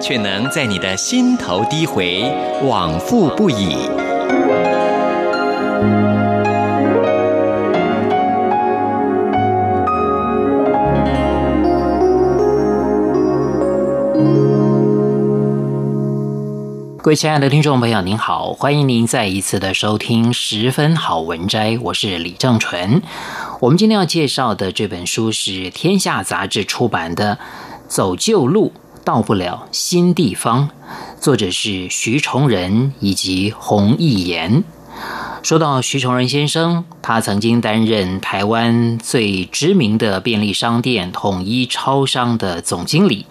卻能在你的心頭低回，往復不已。各位親愛的聽眾朋友，您好，歡迎您再一次的收聽《十分好文摘》，我是李正淳。我們今天要介紹的這本書是《天下》雜誌出版的《走舊路》。到不了新地方，作者是徐重仁以及洪懿妍。說到徐重仁先生，他曾經擔任台灣最知名的便利商店統一超商的總經理。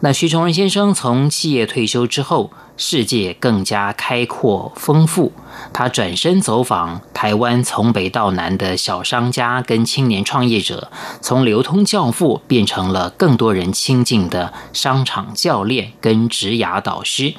那徐重仁先生從企業退休之後，世界更加開闊豐富。他轉身走訪台灣從北到南的小商家跟青年創業者，從流通教父變成了更多人親近的商場教練跟職涯導師。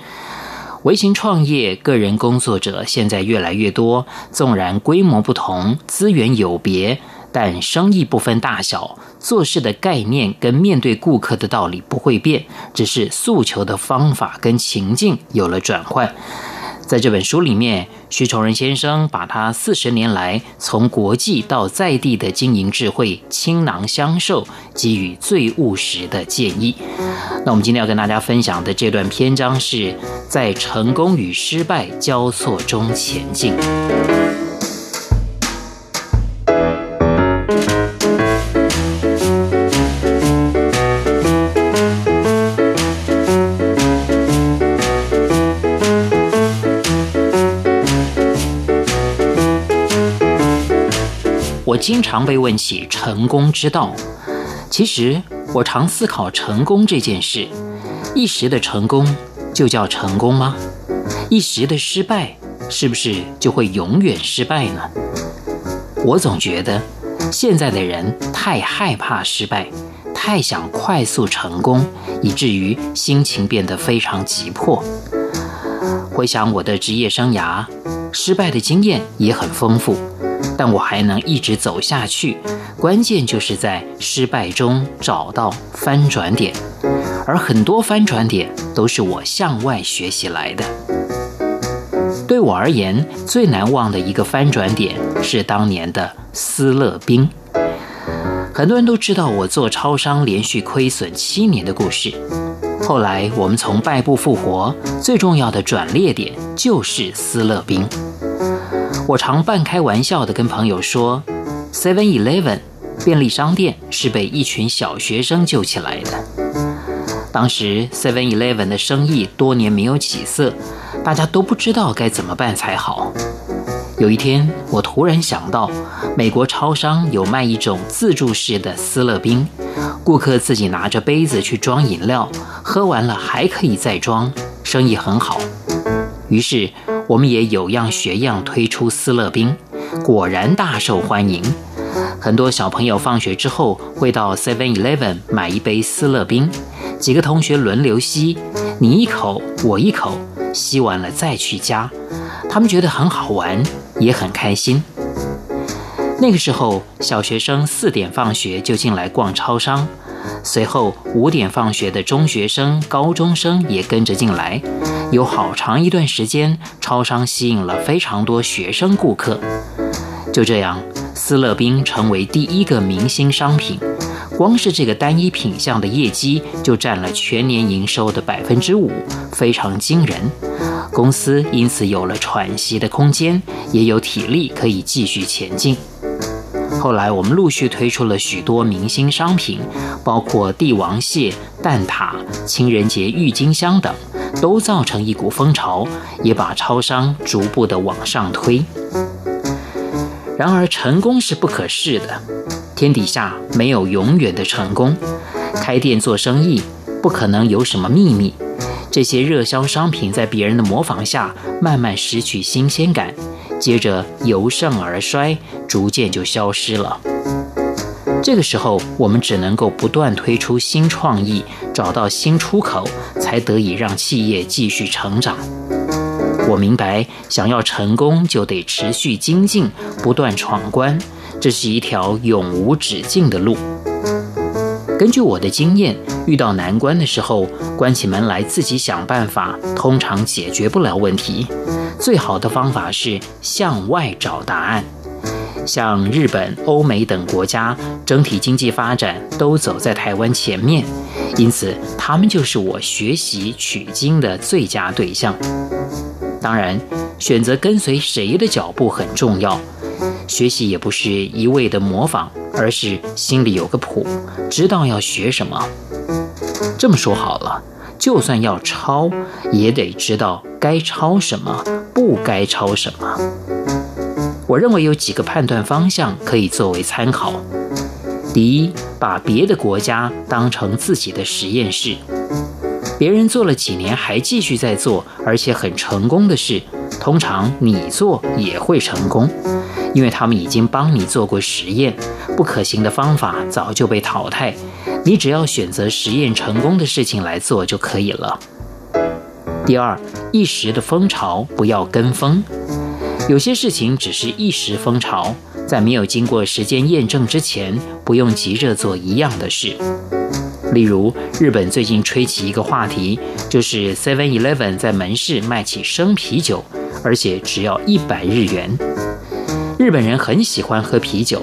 微型創業個人工作者現在越來越多，縱然規模不同，資源有別。但生意不分大小，做事的概念跟面對顧客的道理不會變，只是訴求的方法跟情境有了轉換。在這本書裡面，徐重仁先生把他四十年來從國際到在地的經營智慧傾囊相授，給予最務實的建議。那我們今天要跟大家分享的這段篇章是在成功與失敗交錯中前進。經常被問起成功之道，其實我常思考成功這件事。一時的成功就叫成功嗎？一時的失敗是不是就會永遠失敗呢？我總覺得現在的人太害怕失敗，太想快速成功，以至於心情變得非常急迫。回想我的職業生涯，失敗的經驗也很豐富。但我還能一直走下去，關鍵就是在失敗中找到翻轉點，而很多翻轉點都是我向外學習來的。對我而言，最難忘的一個翻轉點是當年的思樂冰。很多人都知道我做超商連續虧損七年的故事，後來我們從敗部復活，最重要的轉捩點就是思樂冰。我常半開玩笑地跟朋友說，Seven Eleven，便利商店是被一群小學生救起來的。當時 Seven Eleven 的生意多年沒有起色，大家都不知道該怎麼辦才好。有一天，我突然想到，美國超商有賣一種自助式的思樂冰，顧客自己拿着杯子去裝飲料，喝完了還可以再裝，生意很好。於是，我們也有樣學樣推出思樂冰，果然大受歡迎。很多小朋友放學之後會到 Seven Eleven 買一杯思樂冰，幾個同學輪流吸，你一口我一口，吸完了再去加。他們覺得很好玩，也很開心。那個時候，小學生四點放學就進來逛超商。隨後，五點放學的中學生、高中生也跟着進來。有好長一段時間，超商吸引了非常多學生顧客。就這樣，思樂冰成為第一個明星商品。光是這個單一品項的業績，就佔了全年營收的百分之五，非常驚人。公司因此有了喘息的空間，也有體力可以繼續前進。後來我們陸續推出了許多明星商品，包括帝王蟹、蛋撻、情人節鬱金香等，都造成一股風潮，也把超商逐步的往上推。然而成功是不可恃的，天底下沒有永遠的成功。開店做生意不可能有什麼秘密，這些熱銷商品在別人的模仿下慢慢失去新鮮感，接着由盛而衰。逐漸就消失了。這個時候，我們只能夠不斷推出新創意，找到新出口，才得以讓企業繼續成長。我明白，想要成功就得持續精進，不斷闖關，這是一條永無止境的路。根據我的經驗，遇到難關的時候，關起門來自己想辦法，通常解決不了問題，最好的方法是向外找答案。像日本、歐美等國家，整體經濟發展都走在台灣前面，因此他們就是我學習取經的最佳對象。當然，選擇跟隨誰的腳步很重要。學習也不是一味的模仿，而是心裡有個譜，知道要學什麼。這麼說好了，就算要抄，也得知道該抄什麼，不該抄什麼。我認為有幾個判斷方向可以作為參考：第一，把別的國家當成自己的實驗室，別人做了幾年還繼續在做，而且很成功的事，通常你做也會成功，因為他們已經幫你做過實驗，不可行的方法早就被淘汰，你只要選擇實驗成功的事情來做就可以了。第二，一時的風潮不要跟風。有些事情只是一時風潮，在沒有經過時間驗證之前，不用急着做一樣的事。例如，日本最近吹起一個話題，就是 Seven Eleven 在門市賣起生啤酒，而且只要一百日元。日本人很喜歡喝啤酒。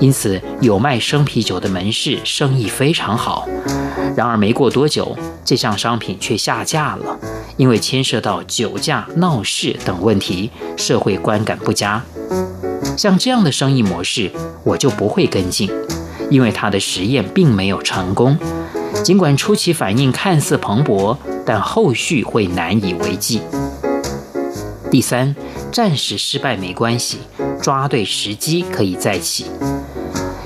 因此，有賣生啤酒的門市生意非常好。然而，沒過多久，這項商品却下架了，因為牽涉到酒駕、鬧事等問題，社會觀感不佳。像這樣的生意模式，我就不會跟進，因為它的實驗並沒有成功。儘管初期反應看似蓬勃，但後續會難以為繼。第三，暫時失敗沒關係，抓對時機可以再起。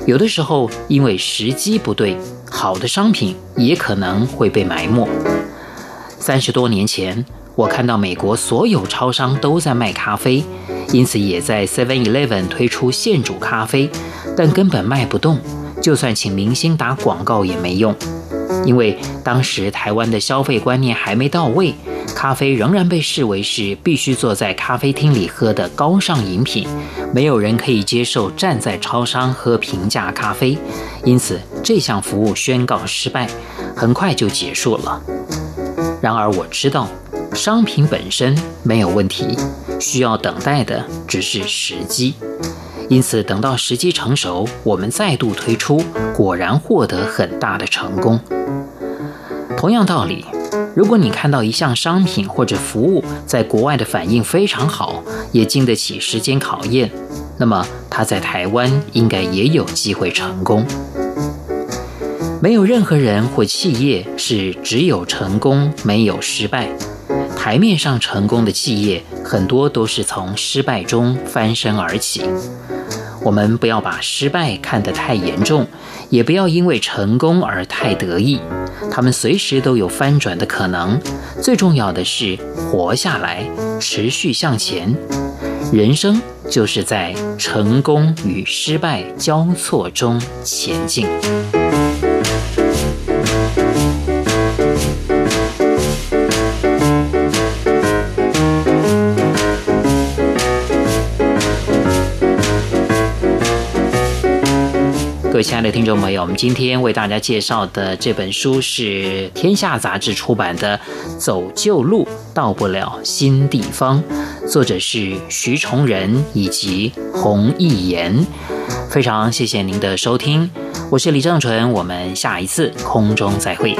有的時候，因為時機不對，好的商品也可能會被埋沒。三十多年前，我看到美國所有超商都在賣咖啡，因此也在 Seven Eleven 推出現煮咖啡，但根本賣不動，就算請明星打廣告也沒用，因為當時台灣的消費觀念還沒到位。咖啡仍然被視為是必須坐在咖啡廳裡喝的高尚飲品，沒有人可以接受站在超商喝平價咖啡，因此這項服務宣告失敗，很快就結束了。然而我知道，商品本身沒有問題，需要等待的只是時機，因此等到時機成熟，我們再度推出，果然獲得很大的成功。同樣道理。如果你看到一項商品或者服務在國外的反應非常好，也經得起時間考驗，那麼它在台灣應該也有機會成功。沒有任何人或企業是只有成功沒有失敗，台面上成功的企業很多都是從失敗中翻身而起。我們不要把失敗看得太嚴重，也不要因為成功而太得意。他們隨時都有翻轉的可能，最重要的是活下來，持續向前。人生就是在成功與失敗交錯中前進。親愛的聽眾朋友，我們今天為大家介紹的這本書是天下雜誌出版的《走舊路，到不了新地方》，作者是徐重仁以及洪毅言。非常謝謝您的收聽，我是李正淳，我們下一次空中再會。